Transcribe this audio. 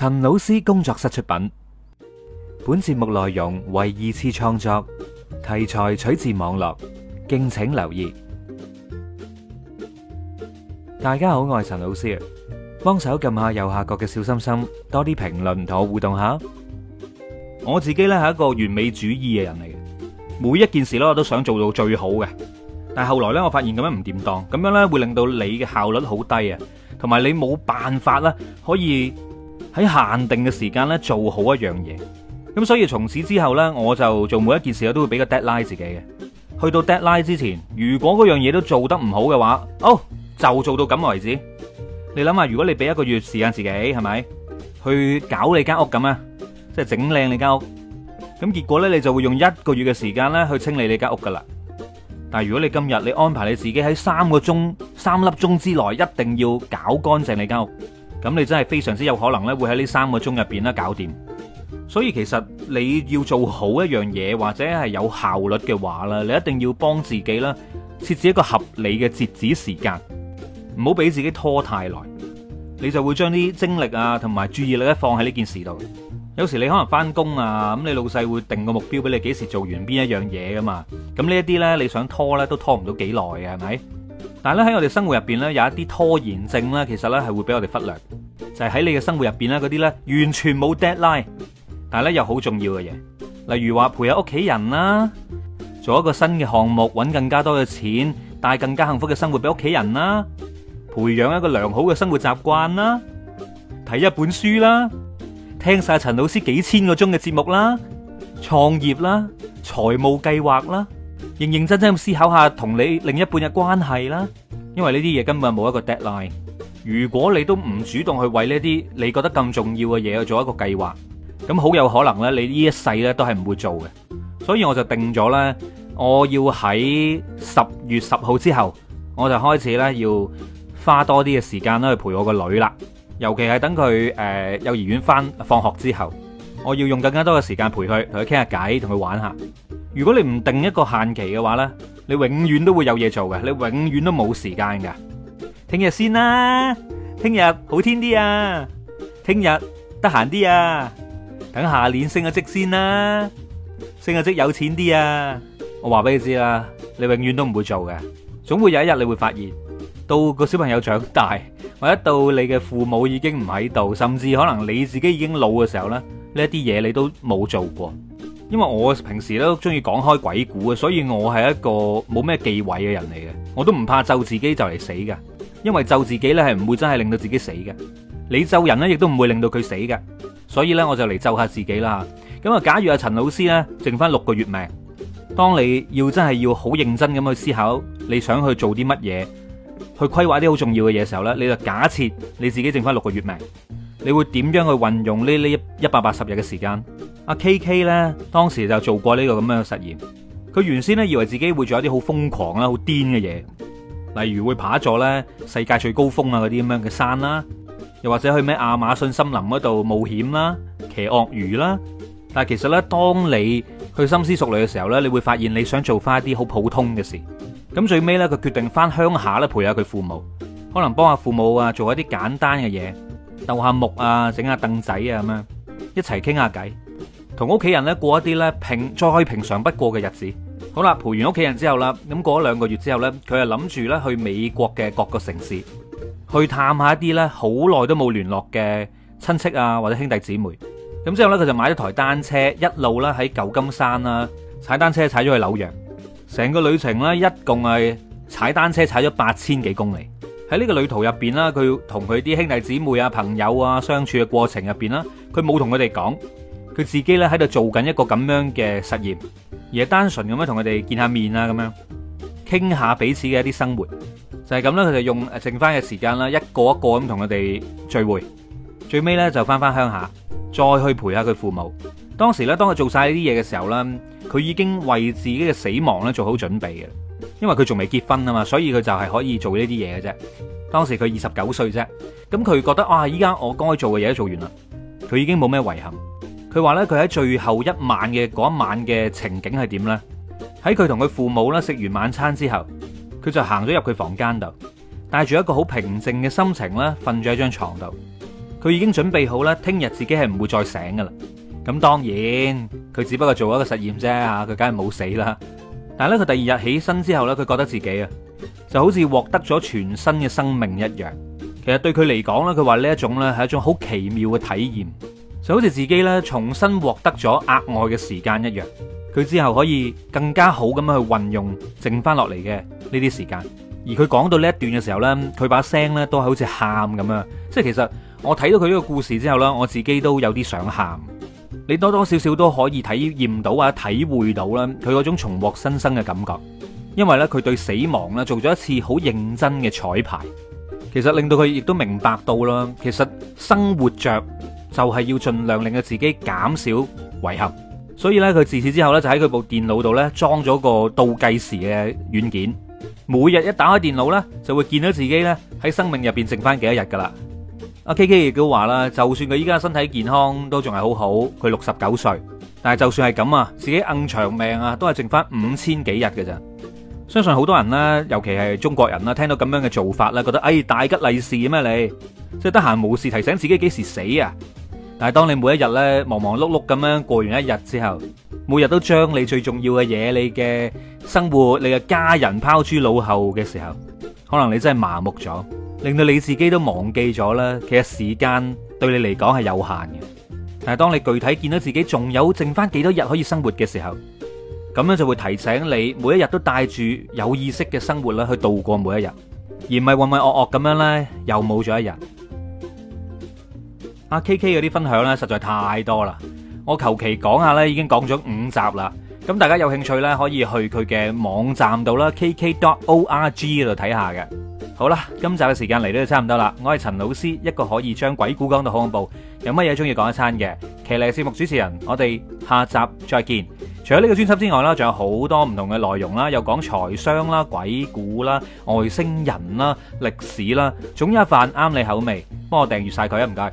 陳老師工作室出品，本節目內容為二次創作，題材取自網絡，敬請留意。大家好，我係陳老師啊，幫手撳下右下角嘅小心心，多啲評論同我互動下。我自己呢係一個完美主義嘅人嚟嘅，每一件事呢我都想做到最好嘅。但係後來呢，我發現咁樣唔掂當，咁樣呢會令到你嘅效率好低啊，同埋你冇辦法啦，可以喺限定嘅時間咧做好一樣嘢，咁所以從此之後呢，我就做每一件事我都會俾個 deadline 自己嘅。去到 deadline 之前，如果嗰樣嘢都做得唔好嘅話，哦，就做到咁為止。你諗下，如果你俾一個月時間自己係咪去搞你間屋咁啊，即係整靚你間屋，咁結果呢，你就會用一個月嘅時間咧去清理你間屋噶啦。但係如果你今日你安排你自己喺三個鐘、三粒鐘之內一定要搞乾淨你間屋。咁你真係非常之有可能咧，會喺呢三個鐘入邊咧搞掂。所以其實你要做好一樣嘢，或者係有效率嘅話咧，你一定要幫自己啦，設置一個合理嘅截止時間，唔好俾自己拖太耐，你就會將啲精力啊同埋注意力咧放喺呢件事度。有時你可能翻工啊，咁你老細會定個目標俾你幾時做完邊一樣嘢噶嘛。咁呢一啲呢，你想拖呢都拖唔到幾耐嘅，係咪？但係咧喺我哋生活入邊咧有一啲拖延症啦，其實咧係會俾我哋忽略，就係喺你嘅生活入邊咧嗰啲咧完全冇 deadline，但係咧又好重要嘅嘢，例如話培養屋企人啦，做一個新嘅項目，搵更加多嘅錢，帶更加幸福嘅生活俾屋企人啦，培養一個良好嘅生活習慣啦，睇一本書啦，聽晒陳老師幾千個鐘嘅節目啦，創業啦，財務計劃啦。認認真真咁思考下同你另一半嘅關係啦，因為呢啲嘢，根本係冇一個 deadline。如果你都唔主動去為呢啲你覺得更重要嘅嘢去做一個計劃，咁好有可能呢，你呢一世呢都係唔會做嘅。所以我就定咗呢，我要喺十月十號之後，我就開始呢要花多啲嘅時間咧去陪我個女啦。尤其係等佢誒、呃、幼兒園翻放學之後，我要用更加多嘅時間陪佢，同佢傾下偈，同佢玩下。如果你唔定一個限期嘅話呢，你永遠都會有嘢做嘅，你永遠都冇時間噶。聽日先啦，聽日好天啲啊，聽日得閒啲啊，等下年升個職先啦，升個職有錢啲啊。我話俾你知啦，你永遠都唔會做嘅，總會有一日你會發現，到個小朋友長大，或者到你嘅父母已經唔喺度，甚至可能你自己已經老嘅時候呢，呢啲嘢你都冇做過。因為我平時都中意講開鬼故，嘅，所以我係一個冇咩忌諱嘅人嚟嘅，我都唔怕咒自己就嚟死嘅，因為咒自己呢係唔會真係令到自己死嘅。你咒人呢亦都唔會令到佢死嘅，所以呢，我就嚟咒下自己啦。咁啊，假如阿陳老師呢，剩翻六個月命，當你要真係要好認真咁去思考你想去做啲乜嘢，去規劃啲好重要嘅嘢嘅時候呢，你就假設你自己剩翻六個月命，你會點樣去運用呢呢一百八十日嘅時間？阿 K K 咧，當時就做過呢個咁樣嘅實驗。佢原先咧以為自己會做一啲好瘋狂啦、好癲嘅嘢，例如會爬一座咧世界最高峰啊嗰啲咁樣嘅山啦，又或者去咩亞馬遜森林嗰度冒險啦、騎鱷魚啦。但係其實咧，當你去深思熟慮嘅時候咧，你會發現你想做翻一啲好普通嘅事。咁最尾咧，佢決定翻鄉下咧陪下佢父母，可能幫下父母啊做一啲簡單嘅嘢，鬥下木啊、整下凳仔啊咁樣，一齊傾下偈。同屋企人咧過一啲咧平再平常不過嘅日子。好啦，陪完屋企人之後啦，咁過咗兩個月之後呢，佢就諗住咧去美國嘅各個城市去探下一啲咧好耐都冇聯絡嘅親戚啊或者兄弟姊妹。咁之後呢，佢就買咗台單車，一路咧喺舊金山啦踩單車踩咗去紐約，成個旅程呢，一共係踩單車踩咗八千幾公里。喺呢個旅途入邊啦，佢同佢啲兄弟姊妹啊朋友啊相處嘅過程入邊啦，佢冇同佢哋講。佢自己咧喺度做緊一個咁樣嘅實驗，而係單純咁樣同佢哋見下面啊，咁樣傾下彼此嘅一啲生活，就係咁啦。佢就用剩翻嘅時間啦，一個一個咁同佢哋聚會，最尾呢，就翻翻鄉下，再去陪下佢父母。當時呢，當佢做晒呢啲嘢嘅時候咧，佢已經為自己嘅死亡呢做好準備嘅，因為佢仲未結婚啊嘛，所以佢就係可以做呢啲嘢嘅啫。當時佢二十九歲啫，咁佢覺得啊，依家我該做嘅嘢都做完啦，佢已經冇咩遺憾。佢話咧，佢喺最後一晚嘅嗰一晚嘅情景係點咧？喺佢同佢父母咧食完晚餐之後，佢就行咗入佢房間度，帶住一個好平靜嘅心情咧，瞓咗喺張床度。佢已經準備好咧，聽日自己係唔會再醒噶啦。咁當然，佢只不過做一個實驗啫吓，佢梗係冇死啦。但係咧，佢第二日起身之後咧，佢覺得自己啊，就好似獲得咗全新嘅生命一樣。其實對佢嚟講咧，佢話呢一種咧係一種好奇妙嘅體驗。就好似自己咧重新獲得咗額外嘅時間一樣，佢之後可以更加好咁樣去運用剩返落嚟嘅呢啲時間。而佢講到呢一段嘅時候，呢佢把聲呢都係好似喊咁樣。即係其實我睇到佢呢個故事之後，呢我自己都有啲想喊。你多多少少都可以體驗到啊，體會到啦，佢嗰種重獲新生嘅感覺。因為呢，佢對死亡咧做咗一次好認真嘅彩排，其實令到佢亦都明白到啦，其實生活着。就係要盡量令佢自己減少遺憾，所以咧佢自此之後咧就喺佢部電腦度咧裝咗個倒計時嘅軟件，每日一打開電腦咧就會見到自己咧喺生命入邊剩翻幾多日噶啦。阿 K K 亦都話啦，就算佢依家身體健康都仲係好好，佢六十九歲，但係就算係咁啊，自己硬長命啊，都係剩翻五千幾日嘅咋。相信好多人咧，尤其係中國人啦，聽到咁樣嘅做法啦，覺得哎大吉利是咩啊你，即係得閒冇事提醒自己幾時死啊。但係當你每一日咧忙忙碌碌咁樣過完一日之後，每日都將你最重要嘅嘢、你嘅生活、你嘅家人拋諸腦後嘅時候，可能你真係麻木咗，令到你自己都忘記咗啦。其實時間對你嚟講係有限嘅，但係當你具體見到自己仲有剩翻幾多日可以生活嘅時候，咁樣就會提醒你每一日都帶住有意識嘅生活啦去度過每一日，而唔係渾渾噩噩咁樣呢，又冇咗一日。阿 KK 嗰啲分享咧，實在太多啦。我求其講下咧，已經講咗五集啦。咁大家有興趣咧，可以去佢嘅網站度啦，kk.org 嗰度睇下嘅。好啦，今集嘅時間嚟到就差唔多啦。我係陳老師，一個可以將鬼故講到好恐怖，有乜嘢中意講一餐嘅騎呢節目主持人。我哋下集再見。除咗呢個專輯之外啦，仲有好多唔同嘅內容啦，有講財商啦、鬼故啦、外星人啦、歷史啦，總有一份啱你口味。幫我訂閲曬佢啊！唔該。